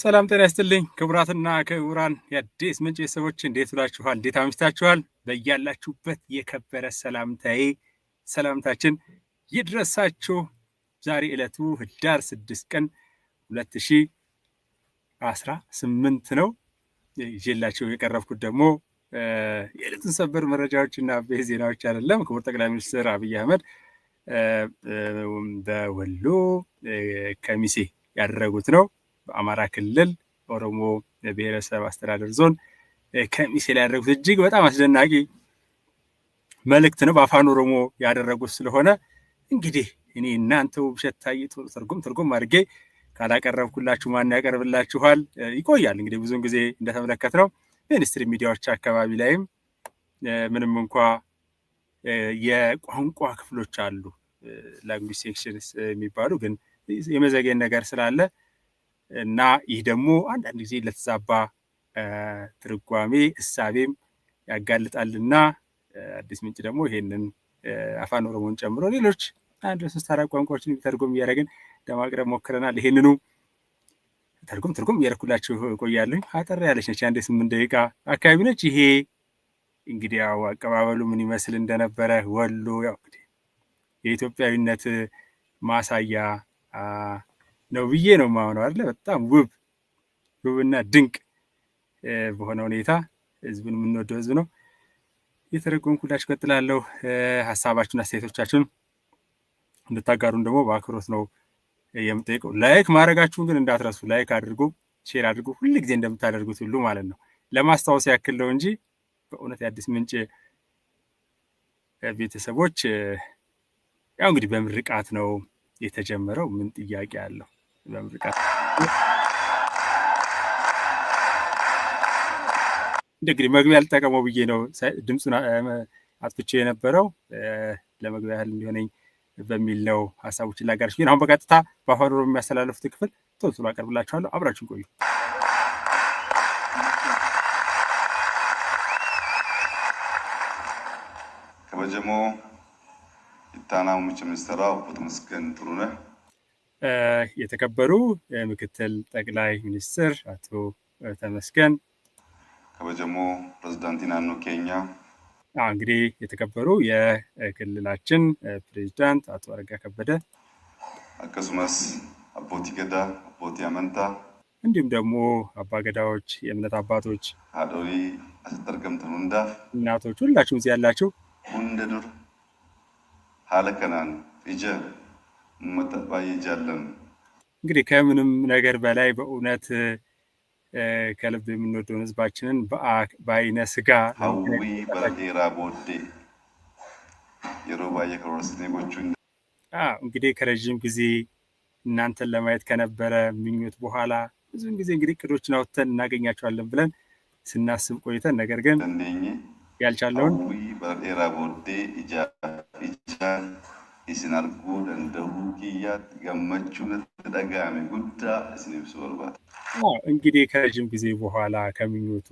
ሰላም ጤና ይስጥልኝ ክቡራትና ክቡራን የአዲስ ምንጭ ቤተሰቦች እንዴት ውላችኋል? እንዴት አምሽታችኋል? በያላችሁበት የከበረ ሰላምታዬ ሰላምታችን ይድረሳችሁ። ዛሬ ዕለቱ ህዳር ስድስት ቀን ሁለት ሺ አስራ ስምንት ነው። ይዤላችሁ የቀረብኩት ደግሞ የዕለቱን ሰበር መረጃዎች እና ቤት ዜናዎች አይደለም። ክቡር ጠቅላይ ሚኒስትር አብይ አህመድ በወሎ ከሚሴ ያደረጉት ነው በአማራ ክልል ኦሮሞ ብሔረሰብ አስተዳደር ዞን ከሚሴ ላይ ያደረጉት እጅግ በጣም አስደናቂ መልእክት ነው በአፋን ኦሮሞ ያደረጉት ስለሆነ እንግዲህ እኔ እናንተ ውብሸት ታዬ ትርጉም ትርጉም አድርጌ ካላቀረብኩላችሁ ማን ያቀርብላችኋል? ይቆያል እንግዲህ ብዙውን ጊዜ እንደተመለከት ነው ሚኒስትሪ ሚዲያዎች አካባቢ ላይም ምንም እንኳ የቋንቋ ክፍሎች አሉ ላንጉጅ ሴክሽንስ የሚባሉ ግን የመዘገየን ነገር ስላለ እና ይህ ደግሞ አንዳንድ ጊዜ ለተዛባ ትርጓሜ እሳቤም ያጋልጣልና አዲስ ምንጭ ደግሞ ይሄንን አፋን ኦሮሞን ጨምሮ ሌሎች አንድ ሶስት አራት ቋንቋዎችን የሚተርጉም እያደረግን ለማቅረብ ሞክረናል። ይሄንኑ ተርጉም ትርጉም እያደረኩላችሁ እቆያለሁ። አጠር ያለች ነች፣ አንድ ስምንት ደቂቃ አካባቢ ነች። ይሄ እንግዲህ ያው አቀባበሉ ምን ይመስል እንደነበረ ወሎ ያው እንግዲህ የኢትዮጵያዊነት ማሳያ ነው ብዬ ነው የማምነው። አለ በጣም ውብ ውብና ድንቅ በሆነ ሁኔታ ህዝብን የምንወደው ህዝብ ነው። የተረጎምኩላችሁ እቀጥላለሁ። ሀሳባችሁን አስተያየቶቻችሁን እንድታጋሩን ደግሞ በአክብሮት ነው የምጠይቀው። ላይክ ማድረጋችሁን ግን እንዳትረሱ። ላይክ አድርጎ ሼር አድርጎ ሁል ጊዜ እንደምታደርጉት ሁሉ ማለት ነው። ለማስታወስ ያክል ነው እንጂ በእውነት የአዲስ ምንጭ ቤተሰቦች ያው እንግዲህ በምርቃት ነው የተጀመረው። ምን ጥያቄ አለው? በሙዚቃ እንግዲህ መግቢያ ልጠቀመው ብዬ ነው ድምፁን አጥፍቼ የነበረው ለመግቢያ ያህል እንዲሆነኝ በሚል ነው ሀሳቦችን ላጋርሽ። ግን አሁን በቀጥታ በአፋን ኦሮሞ የሚያስተላለፉት ክፍል ቶሎ ቶሎ አቀርብላችኋለሁ። አብራችን ቆዩ። ከበጀሞ ይታና ሙች ሚኒስትራ ቡት ምስገን ጥሩነህ የተከበሩ ምክትል ጠቅላይ ሚኒስትር አቶ ተመስገን ከበጀሞ ፕሬዚዳንቲ ናኖ ኬኛ እንግዲህ የተከበሩ የክልላችን ፕሬዚዳንት አቶ አረጋ ከበደ አቀሱመስ አቦቲ ገዳ አቦቲ አመንታ እንዲሁም ደግሞ አባገዳዎች የእምነት አባቶች ሀዶሪ አስጠርገምት ሁንዳ እናቶች ሁላችሁም እዚህ ያላችሁ ሁንደዱር ሀለከናን ፊጀ ባየጃለን እንግዲህ ከምንም ነገር በላይ በእውነት ከልብ የምንወደውን ህዝባችንን በአይነ ስጋ ሀዊ በረራ ቦዴ የሮባ የክሮስኔጎቹ እንግዲህ ከረዥም ጊዜ እናንተን ለማየት ከነበረ ምኞት በኋላ ብዙን ጊዜ እንግዲህ ቅዶችን አውጥተን እናገኛቸዋለን ብለን ስናስብ ቆይተን ነገር ግን ያልቻለውን ሀዊ በረራ ቦዴ isin arguu danda'uu kiyyaatti gammachuun dhaga'ame guddaa isin ibsu barbaada። እንግዲህ ከረዥም ጊዜ በኋላ ከምኞቱ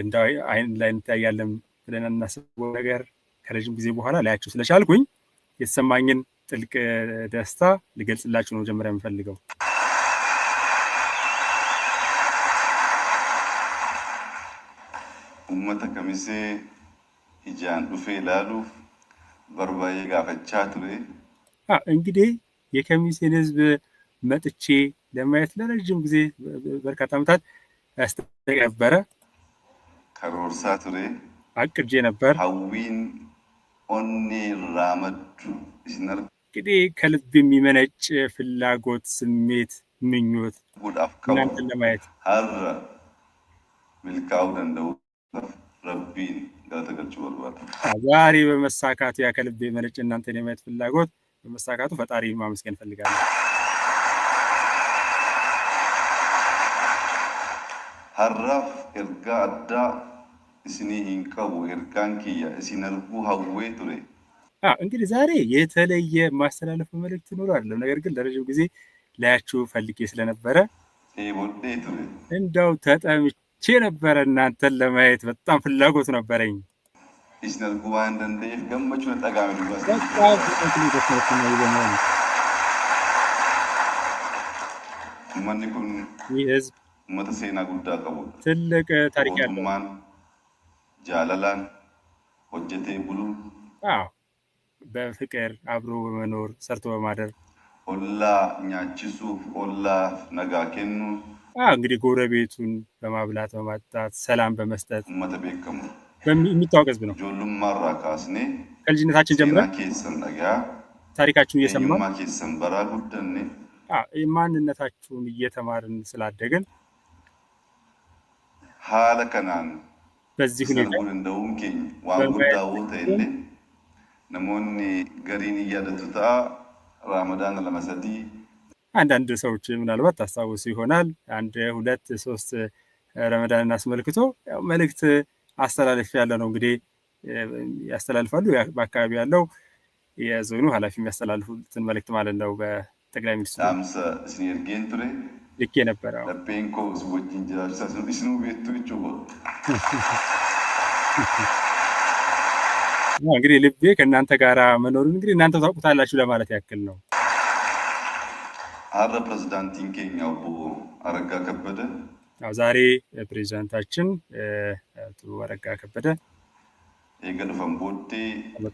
እንደ አይን ላይ እንታያለን ብለን እናስበው ነገር ከረዥም ጊዜ በኋላ ላያችሁ ስለቻልኩኝ የተሰማኝን ጥልቅ ደስታ ልገልጽላችሁ ነው መጀመሪያ የምፈልገው። ኡመተ ከሚሴ ijaan dhufee ilaaluuf በርባዬ ጋፈቻ ቱሬ እንግዲህ የከሚሴን ህዝብ መጥቼ ለማየት ለረጅም ጊዜ በርካታ አመታት ያስጠቅ ነበረ። ከሮርሳ ቱሬ አቅጄ ነበር። ሀዊን ኦኔ ራመዱ ሲነር እንግዲህ ከልብ የሚመነጭ ፍላጎት፣ ስሜት፣ ምኞት እናንተን ለማየት ሀረ ሚልካው ደንደው ረቢን ጋር ተገልጿል ማለት ነው። ዛሬ በመሳካቱ ያ ከልቤ መነጭ እናንተን የማየት ፍላጎት በመሳካቱ ፈጣሪ ማመስገን ፈልጋለሁ። ሀራፍ ኤርጋ አዳ እስኒ ሂንቀቡ ኤርጋን ኪያ እሲነርጉ ሀዌ ቱሬ እንግዲህ ዛሬ የተለየ ማስተላለፍ መልእክት ኖሮ አይደለም። ነገር ግን ለረዥም ጊዜ ላያችሁ ፈልጌ ስለነበረ ቦዴ እንዳው ተጠምቼ ነበረ እናንተን ለማየት በጣም ፍላጎት ነበረኝ። ትልቅ ታሪክ ያለው ጃለላን ሆጀቴ ብሉ በፍቅር አብሮ በመኖር ሰርቶ በማደር ኦላ ኛችሱፍ ኦላ ነጋ ኬኑ እንግዲህ ጎረቤቱን በማብላት በማጣት ሰላም በመስጠት የሚታወቅ ህዝብ ነው። ከልጅነታችን ጀምረን ታሪካችሁን እየሰማን ማንነታችሁን እየተማርን ስላደገን ሀለከናን በዚህ ሁኔታ ነሞኒ ገሪን እያደቱታ ራመዳን ለመሰዲ አንዳንድ ሰዎች ምናልባት ታስታውሱ ይሆናል አንድ ሁለት ሶስት ረመዳንን አስመልክቶ መልእክት አስተላለፍ ያለ ነው እንግዲህ ያስተላልፋሉ። በአካባቢ ያለው የዞኑ ኃላፊ የሚያስተላልፉትን መልእክት ማለት ነው። በጠቅላይ ሚኒስትሩ ልክ የነበረ እንግዲህ ልቤ ከእናንተ ጋር መኖሩን እንግዲህ እናንተ ታውቁታላችሁ ለማለት ያክል ነው። ሀረ ፕሬዚዳንት ንኬኝ አቦ አረጋ ከበደ ዛሬ ፕሬዚዳንታችን አቶ አረጋ ከበደ የገድፈን ቦዴ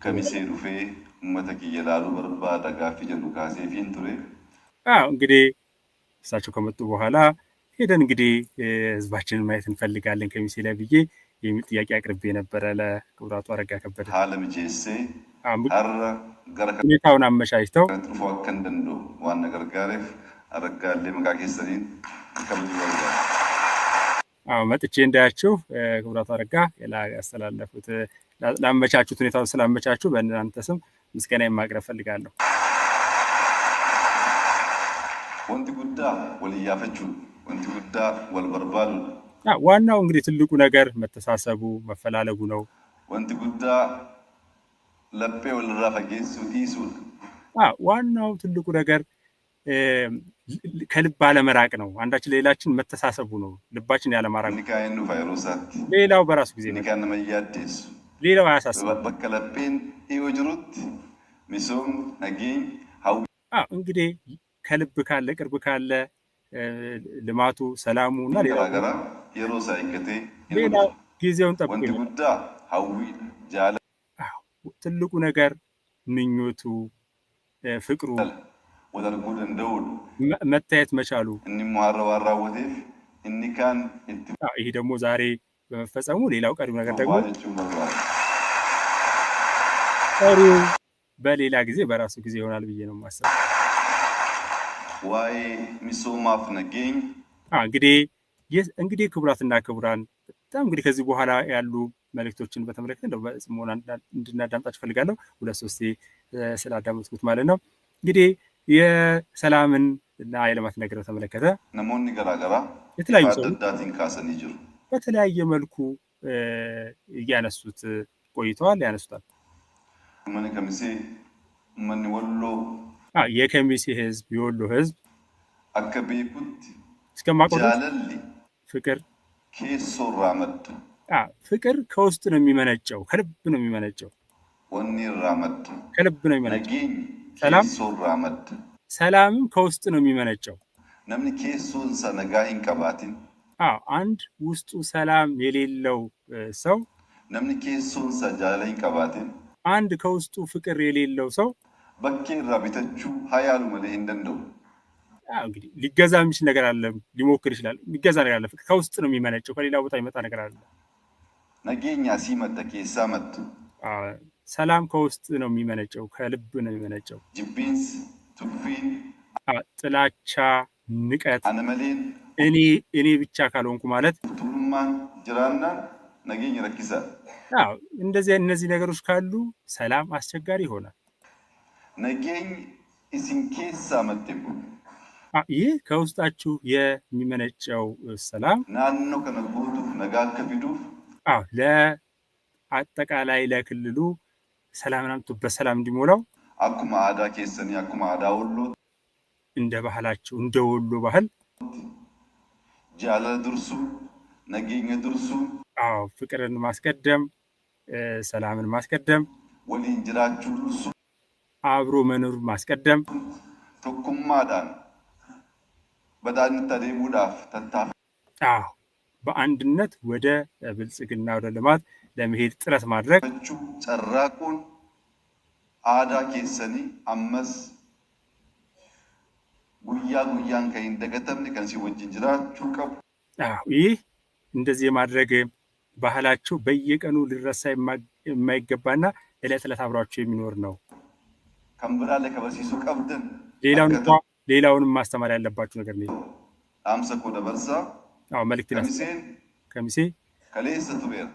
ከሚሴ ዱፌ መተ ኪየላሉ በርባ ደጋፊ ጀሉ ካሴ ፊን ቱሬ እንግዲህ እሳቸው ከመጡ በኋላ ሄደን እንግዲህ ህዝባችንን ማየት እንፈልጋለን ከሚሴ ላይ ብዬ የሚል ጥያቄ አቅርቤ ነበረ ለክቡራቱ አረጋ ከበደ ሀለም ጄሴ ሁኔታውን አመቻችተው መጥቼ እንዳያችሁ ክቡራቱ አረጋ ያስተላለፉት ላመቻቹት ሁኔታውን ስላመቻችሁ በእናንተ ስም ምስጋና የማቅረብ ፈልጋለሁ። ወንቲ ጉዳ ወልያፈቹ ወንቲ ጉዳ ወልበርባሉ ዋናው እንግዲህ ትልቁ ነገር መተሳሰቡ መፈላለጉ ነው። ወንቲ ጉዳ ለፔ ወልራ ፈጌሱ ዲሱን ዋናው ትልቁ ነገር ከልብ አለመራቅ ነው። አንዳችን ሌላችን መተሳሰቡ ነው። ልባችን ያለማራቅ ሌላው በራሱ ጊዜ መያዴሱ ሌላው አያሳስበበከለፔን ዮጅሩት ሚሶም ነገኝ እንግዲህ ከልብ ካለ ቅርብ ካለ ልማቱ ሰላሙ እና ሌላ ጊዜውን ጠብቁ ጉዳ ሀዊ ጃለ ትልቁ ነገር ምኞቱ፣ ፍቅሩ፣ መታየት መቻሉ ይህ ደግሞ ዛሬ በመፈጸሙ ሌላው ቀሪው ነገር ደግሞ ቀሪው በሌላ ጊዜ በራሱ ጊዜ ይሆናል ብዬ ነው የማስበው። እንግዲህ እንግዲህ ክቡራትና ክቡራን በጣም እንግዲህ ከዚህ በኋላ ያሉ መልእክቶችን በተመለከተ እንደው በጽሞና እንድናዳምጣ ትፈልጋለሁ። ሁለት ሶስቴ ስላዳመጥኩት ማለት ነው። እንግዲህ የሰላምን እና የልማት ነገር በተመለከተ የተለያዩ ሰው በተለያየ መልኩ እያነሱት ቆይተዋል፣ ያነሱታል። የከሚሴ ህዝብ የወሎ ህዝብ እስከማቆ ፍቅር መጡ በቃ ፍቅር ከውስጥ ነው የሚመነጨው፣ ከልብ ነው የሚመነጨው፣ ከልብ ነው የሚመነጨው። ሰላምም ከውስጥ ነው የሚመነጨው። አዎ አንድ ውስጡ ሰላም የሌለው ሰው አንድ ከውስጡ ፍቅር የሌለው ሰው እንግዲህ ሊገዛ የሚችል ነገር አለ፣ ሊሞክር ይችላል። ሊገዛ ነገር አለ። ከውስጥ ነው የሚመነጨው፣ ከሌላ ቦታ ይመጣ ነገር አለ። ነገኛ ሲመጠ ኬሳ መጡ ሰላም ከውስጥ ነው የሚመነጨው፣ ከልብ ነው የሚመነጨው። ጅቢንስ ቱፊን ጥላቻ፣ ንቀት፣ አነመሌን እኔ እኔ ብቻ ካልሆንኩ ማለት ቱሉማን ጅራና ነገኝ ረኪሳል። እንደዚህ እነዚህ ነገሮች ካሉ ሰላም አስቸጋሪ ይሆናል። ነገኝ እዚን ኬሳ ይህ ከውስጣችሁ የሚመነጨው ሰላም ናኖ ከነጎቱ ነጋ ከፊዱፍ አዎ ለአጠቃላይ ለክልሉ ሰላም ናምቱ በሰላም እንዲሞላው አኩማ አዳ ኬሰኒ አኩማ አዳ ወሎ እንደ ባህላቸው እንደ ወሎ ባህል ጃለ ድርሱ ነገኘ ድርሱ አዎ ፍቅርን ማስቀደም ሰላምን ማስቀደም ወሊን ጅራችሁ ድርሱ አብሮ መኖር ማስቀደም ቶኩማዳን በዳን ተደሙዳፍ ተታፈ አዎ በአንድነት ወደ ብልጽግና ወደ ልማት ለመሄድ ጥረት ማድረግ ጨራቁን አዳ ኬሰኒ አመስ ጉያ ጉያን ከይን ደገተምኒ ከንሲ ወጅን ጅራችሁ ቀቡ ይህ እንደዚህ የማድረግ ባህላቸው በየቀኑ ሊረሳ የማይገባና እለት ዕለት አብሯቸው የሚኖር ነው። ከምብላለ ከበሲሱ ቀብድን ሌላውን ሌላውንም ማስተማር ያለባቸው ነገር ነው። አምሰኮ ደበርሳ አዎ መልእክት ይላል ከሚሴ ከሌሰ ቱቤር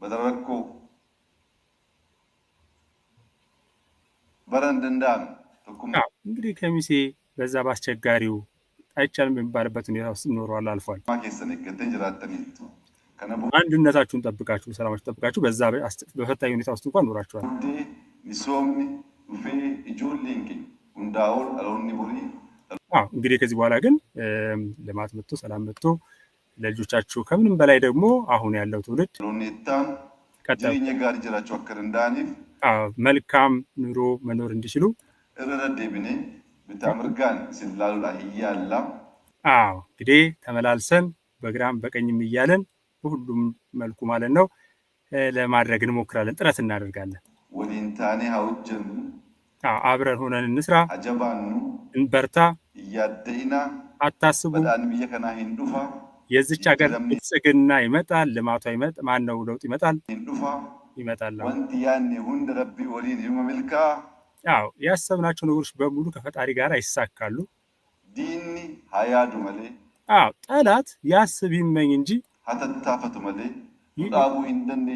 በደረኩ በረንድ እንዳም እንግዲህ ከሚሴ በዛ በአስቸጋሪው ጣይጫል የሚባልበት ሁኔታ ውስጥ ኖረዋል አልፏል። አንድነታችሁን ጠብቃችሁ ሰላማችሁ ጠብቃችሁ በዛ በፈታኝ ሁኔታ ውስጥ እንኳን ኖራችኋል። እንግዲህ ከዚህ በኋላ ግን ልማት መጥቶ ሰላም መጥቶ ለልጆቻችሁ ከምንም በላይ ደግሞ አሁን ያለው ትውልድ መልካም ኑሮ መኖር እንዲችሉ አዎ እንግዲህ ተመላልሰን በግራም በቀኝም እያለን በሁሉም መልኩ ማለት ነው ለማድረግ እንሞክራለን፣ ጥረት እናደርጋለን። ወዲንታኔ ሀውጀን አብረን ሆነን እንስራ፣ እንበርታ፣ እያደይና አታስቡ ብዬ ከና ሂንዱፋ የዚች ሀገር ብልጽግና ይመጣል፣ ልማቷ ይመጣል፣ ማን ነው ለውጥ ይመጣል ይመጣል። አዎ ያሰብናቸው ነገሮች በሙሉ ከፈጣሪ ጋር ይሳካሉ። ዲኒ ሀያዱ መሌ አዎ ጠላት ያስብ ይመኝ እንጂ ሀተታፈቱ መሌ ጣቡ እንደኔ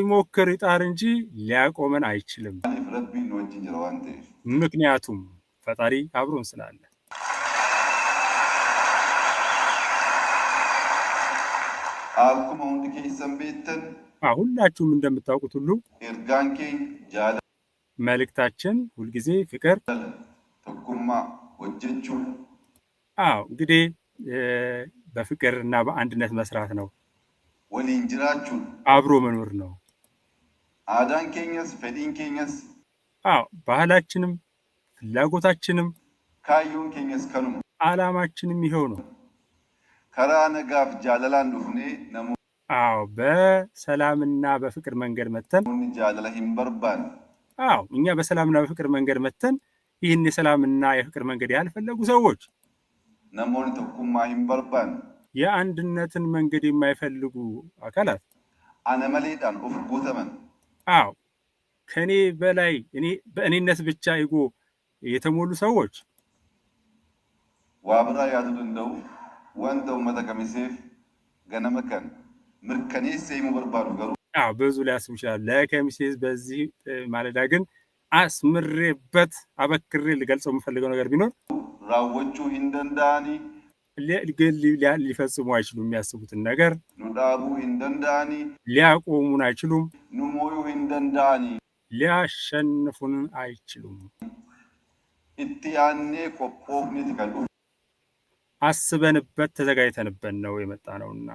ይሞክር ይጣር እንጂ ሊያቆመን አይችልም። ምክንያቱም ፈጣሪ አብሮን ስላለ ሁንድ ሰንቤትን ሁላችሁም እንደምታውቁት ሁሉ ጃለ መልእክታችን ሁልጊዜ ፍቅር አዎ እንግዲህ በፍቅር እና በአንድነት መስራት ነው። አብሮ መኖር ነው። አዳን ኬኛስ ፈዲን ኬኛስ አዎ ባህላችንም ፍላጎታችንም ካዩን ኬኛስ ከኑ አላማችንም ይኸው ነው። ከራነጋፍ ጃለላ እንደሆነ ነሙ አዎ በሰላምና በፍቅር መንገድ መተን ጃለላ ሂምበርባን አዎ እኛ በሰላምና በፍቅር መንገድ መተን ይህን የሰላምና የፍቅር መንገድ ያልፈለጉ ሰዎች ነሞን ተኩማ ሂምበርባን የአንድነትን መንገድ የማይፈልጉ አካላት አነመሌዳን ኦፍ ጎተመን አዎ ከእኔ በላይ በእኔነት ብቻ ይጎ የተሞሉ ሰዎች ዋብራ ያሉት እንደው wanta ummata kamiseef ganama kan mirkaneessa himuu barbaadu garuu አዎ ብዙ ሊያስብ ይችላል። ለከሚሴ በዚህ ማለዳ ግን አስምሬበት አበክሬ ልገልጸው የምፈልገው ነገር ቢኖር ራወቹ ሂንደንዳኒ ሊፈጽሙ አይችሉም። የሚያስቡትን ነገር ኑዳሩ ሂንደንዳኒ ሊያቆሙን አይችሉም። ኑሞዩ ሂንደንዳኒ ሊያሸንፉን አይችሉም። ኢትያኔ ኮፖግኒት ከሉ አስበንበት ተዘጋጅተንበት ነው የመጣ ነውና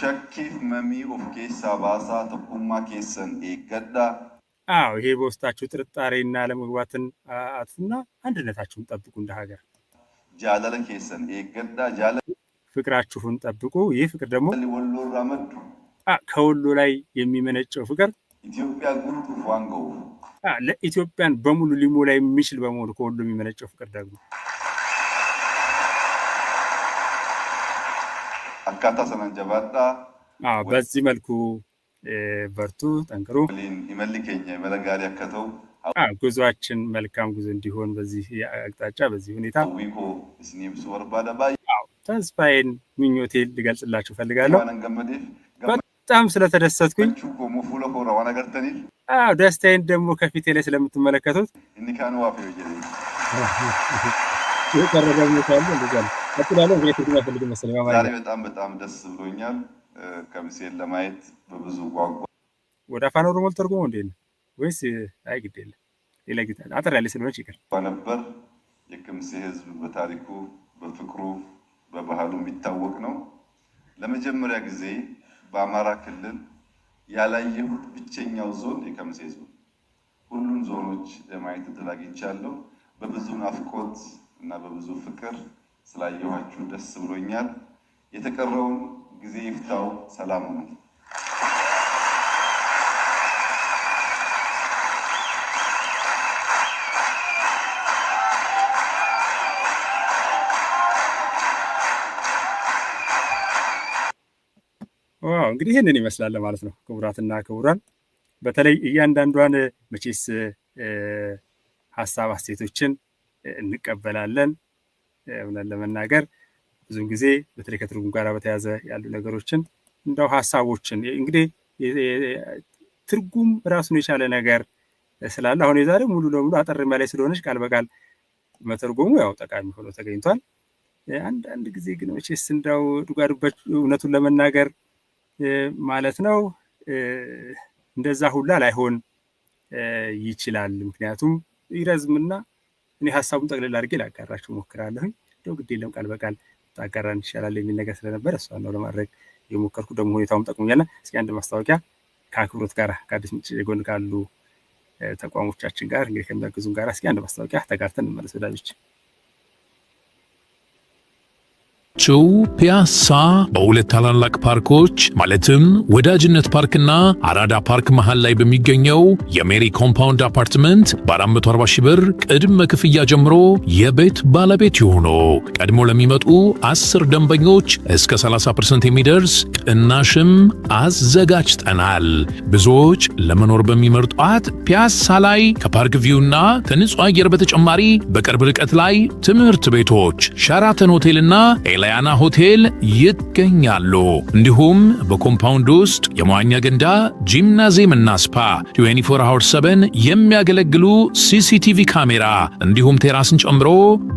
ሸኪፍ መሚ ኦፍ ኬሳ ባሳ ኬሰን ኤገዳ አዎ ይሄ በውስጣችሁ ጥርጣሬና ለመግባትን አጥፉና አንድነታችሁን ጠብቁ። እንደ ሀገር ኬሰን ኤገዳ ጃለ ፍቅራችሁን ጠብቁ። ይህ ፍቅር ደግሞ ከወሎ ላይ የሚመነጨው ፍቅር ኢትዮጵያ ለኢትዮጵያን በሙሉ ሊሞላ የሚችል በመሆኑ ከወሎ የሚመነጨው ፍቅር ደግሞ አካታ ሰነንጀባጣ በዚህ መልኩ በርቱ፣ ጠንክሩ። ይመልከኛ መለጋሪ ያከተው ጉዞአችን መልካም ጉዞ እንዲሆን በዚህ አቅጣጫ በዚህ ሁኔታ ተስፋዬን ምኞቴ ልገልጽላችሁ ፈልጋለሁ። በጣም ስለተደሰትኩኝ አዎ ደስታዬን ደግሞ ከፊቴ ላይ ስለምትመለከቱት ኒካኑ ዋፌ ዛሬ በጣም በጣም ደስ ብሎኛል። ከሚሴን ለማየት በብዙ ጓጓ። ወደ አፋን ኦሮሞ ተርጉሞ እንዴት ነው ወይስ? አይ ግድ የለም ሌላ ጊዜ አጠር ያለ ስለሆነች ይቅር ነበር። የከሚሴ ህዝብ በታሪኩ በፍቅሩ በባህሉ የሚታወቅ ነው። ለመጀመሪያ ጊዜ በአማራ ክልል ያላየሁት ብቸኛው ዞን የከምሴ ዞን። ሁሉም ዞኖች ለማየት እድል አግኝቻለሁ። በብዙ ናፍቆት እና በብዙ ፍቅር ስላየኋችሁ ደስ ብሎኛል። የተቀረውን ጊዜ ይፍታው። ሰላም ነው። እንግዲህ ይህንን ይመስላል ማለት ነው። ክቡራትና ክቡራን በተለይ እያንዳንዷን መቼስ ሀሳብ አስተያየቶችን እንቀበላለን። እውነት ለመናገር ብዙን ጊዜ በተለይ ከትርጉም ጋር በተያዘ ያሉ ነገሮችን እንደው ሀሳቦችን እንግዲህ ትርጉም ራሱን የቻለ ነገር ስላለ አሁን የዛሬ ሙሉ ለሙሉ አጠር ላይ ስለሆነች ቃል በቃል መተርጎሙ ያው ጠቃሚ ሆኖ ተገኝቷል። አንዳንድ ጊዜ ግን መቼስ እንደው ዱጋዱበት እውነቱን ለመናገር ማለት ነው። እንደዛ ሁላ ላይሆን ይችላል። ምክንያቱም ይረዝምና እኔ ሀሳቡን ጠቅልል አድርጌ ላጋራችሁ ሞክራለሁኝ። እንደው ግድ የለም ቃል በቃል ታጋራን ይሻላል የሚል ነገር ስለነበረ እሷ ነው ለማድረግ የሞከርኩ። ደግሞ ሁኔታውም ጠቅሞኛልና እስኪ አንድ ማስታወቂያ ከአክብሮት ጋር ከአዲስ ምንጭ የጎን ካሉ ተቋሞቻችን ጋር እንግዲህ ከሚያግዙን ጋር እስኪ አንድ ማስታወቂያ ተጋርተን እንመለስ ወዳጆች። ያላቸው ፒያሳ በሁለት ታላላቅ ፓርኮች ማለትም ወዳጅነት ፓርክና አራዳ ፓርክ መሃል ላይ በሚገኘው የሜሪ ኮምፓውንድ አፓርትመንት በ440 ሺህ ብር ቅድመ ክፍያ ጀምሮ የቤት ባለቤት ይሁኑ። ቀድሞ ለሚመጡ 10 ደንበኞች እስከ 30% የሚደርስ ቅናሽም አዘጋጅተናል። ብዙዎች ለመኖር በሚመርጧት ፒያሳ ላይ ከፓርክ ቪውና ከንጹህ አየር በተጨማሪ በቅርብ ርቀት ላይ ትምህርት ቤቶች፣ ሸራተን ሆቴልና ኤልያ ዳያና ሆቴል ይገኛሉ። እንዲሁም በኮምፓውንድ ውስጥ የመዋኛ ገንዳ፣ ጂምናዚየም እና ስፓ 24/7 የሚያገለግሉ ሲሲቲቪ ካሜራ እንዲሁም ቴራስን ጨምሮ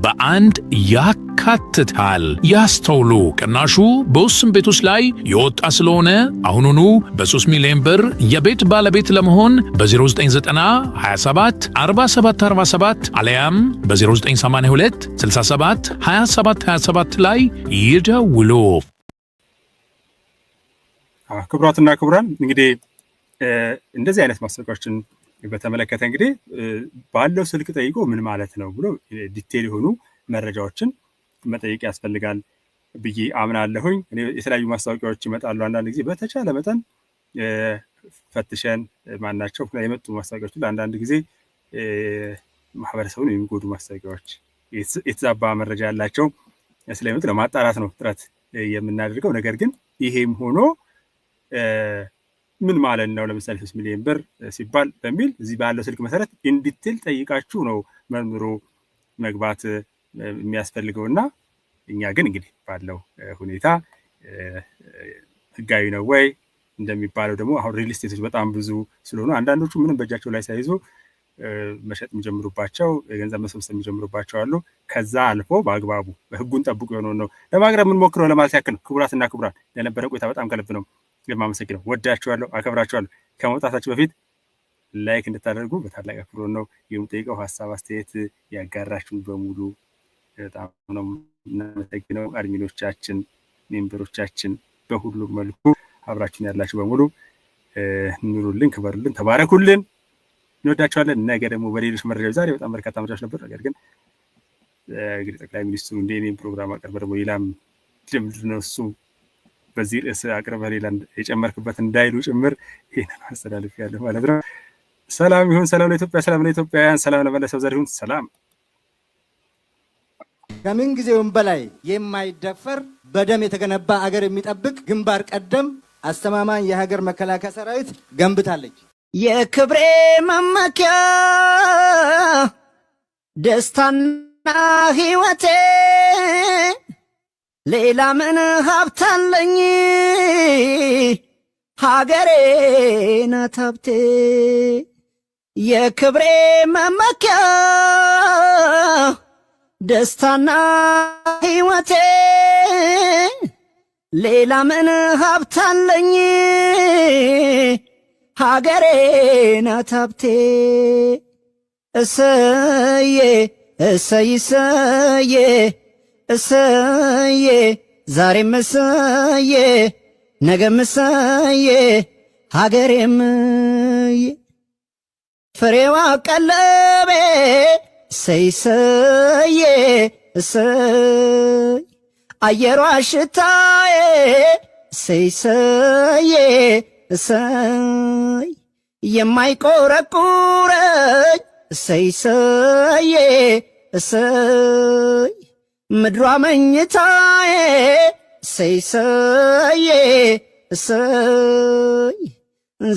በአንድ ያክ ያካትታል። ያስተውሉ፣ ቅናሹ በውስን ቤቶች ላይ የወጣ ስለሆነ አሁኑኑ በ3 ሚሊዮን ብር የቤት ባለቤት ለመሆን በ0990274747 አሊያም በ0982 67 27 27 ላይ ይደውሉ። ክቡራትና ክቡራን እንግዲህ እንደዚህ አይነት ማስታወቂያዎችን በተመለከተ እንግዲህ ባለው ስልክ ጠይቆ ምን ማለት ነው ብሎ ዲቴል የሆኑ መረጃዎችን መጠየቅ ያስፈልጋል ብዬ አምናለሁኝ። የተለያዩ ማስታወቂያዎች ይመጣሉ። አንዳንድ ጊዜ በተቻለ መጠን ፈትሸን ማናቸው የመጡ ማስታወቂያዎች ሁሉ አንዳንድ ጊዜ ማህበረሰቡን የሚጎዱ ማስታወቂያዎች፣ የተዛባ መረጃ ያላቸው ስለሚመጡ ለማጣራት ነው ጥረት የምናደርገው። ነገር ግን ይሄም ሆኖ ምን ማለት ነው? ለምሳሌ ሶስት ሚሊዮን ብር ሲባል በሚል እዚህ ባለው ስልክ መሰረት ኢንዲቴል ጠይቃችሁ ነው መርምሮ መግባት የሚያስፈልገው እና እኛ ግን እንግዲህ ባለው ሁኔታ ህጋዊ ነው ወይ እንደሚባለው ደግሞ አሁን ሪል ስቴቶች በጣም ብዙ ስለሆኑ አንዳንዶቹ ምንም በእጃቸው ላይ ሳይዙ መሸጥ የሚጀምሩባቸው የገንዘብ መሰብሰብ የሚጀምሩባቸው አሉ። ከዛ አልፎ በአግባቡ በህጉን ጠብቁ የሆነውን ነው ለማቅረብ የምንሞክረው ለማለት ያክል። ክቡራትና ክቡራን ለነበረ ቆይታ በጣም ከልብ ነው የማመሰግነው። ወዳችኋለሁ፣ አከብራችኋለሁ። ከመውጣታችሁ በፊት ላይክ እንድታደርጉ በታላቅ አክብሮት ነው የምጠይቀው። ሀሳብ አስተያየት ያጋራችሁ በሙሉ በጣም ነው የምናመሰግነው። አድሚኖቻችን፣ ሜምበሮቻችን በሁሉም መልኩ አብራችን ያላችሁ በሙሉ ኑሩልን፣ ክበሩልን፣ ተባረኩልን። እንወዳቸዋለን። ነገ ደግሞ በሌሎች መረጃዎች ዛሬ በጣም በርካታ መረጃዎች ነበር ነገር ግን እንግዲህ ጠቅላይ ሚኒስትሩ እንደ እኔም ፕሮግራም አቅርበ ደግሞ ሌላም እሱ በዚህ ርዕስ አቅርበ ሌላ የጨመርክበት እንዳይሉ ጭምር ይህ አስተላልፍ ያለ ማለት ነው። ሰላም ይሁን። ሰላም ለኢትዮጵያ፣ ሰላም ለኢትዮጵያውያን፣ ሰላም ለመለሰብ ዘር ይሁን። ሰላም ከምን ጊዜውም በላይ የማይደፈር በደም የተገነባ አገር የሚጠብቅ ግንባር ቀደም አስተማማኝ የሀገር መከላከያ ሰራዊት ገንብታለች። የክብሬ መመኪያ ደስታና ሕይወቴ ሌላ ምን ሀብታለኝ ሀገሬ ተብቴ የክብሬ መመኪያ ደስታና ሕይወቴ ሌላ ምን ሀብታለኝ ሀገሬ ናት ሀብቴ። እሰዬ እሰይ እሰዬ እሰዬ ፍሬዋ ቀለቤ ሰይ እሰዬ እሰይ አየሯ ሽታዬ ሰይ እሰዬ እሰይ የማይቆረቁረኝ ሰይ እሰዬ እሰይ ምድሯ መኝታዬ ሰይ እሰዬ እሰይ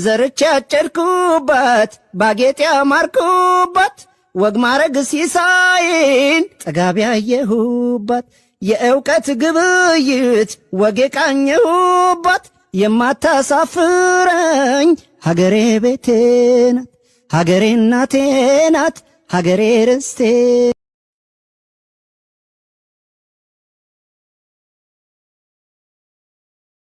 ዘርቼ ያጨድኩባት ባጌጥ ያማርኩበት! ወግ ማረግ ሲሳይን ጥጋብ ያየሁባት የእውቀት ግብይት ወግ የቃኘሁባት የማታሳፍረኝ ሀገሬ ቤቴ ናት፣ ሀገሬ እናቴ ናት፣ ሀገሬ ርስቴ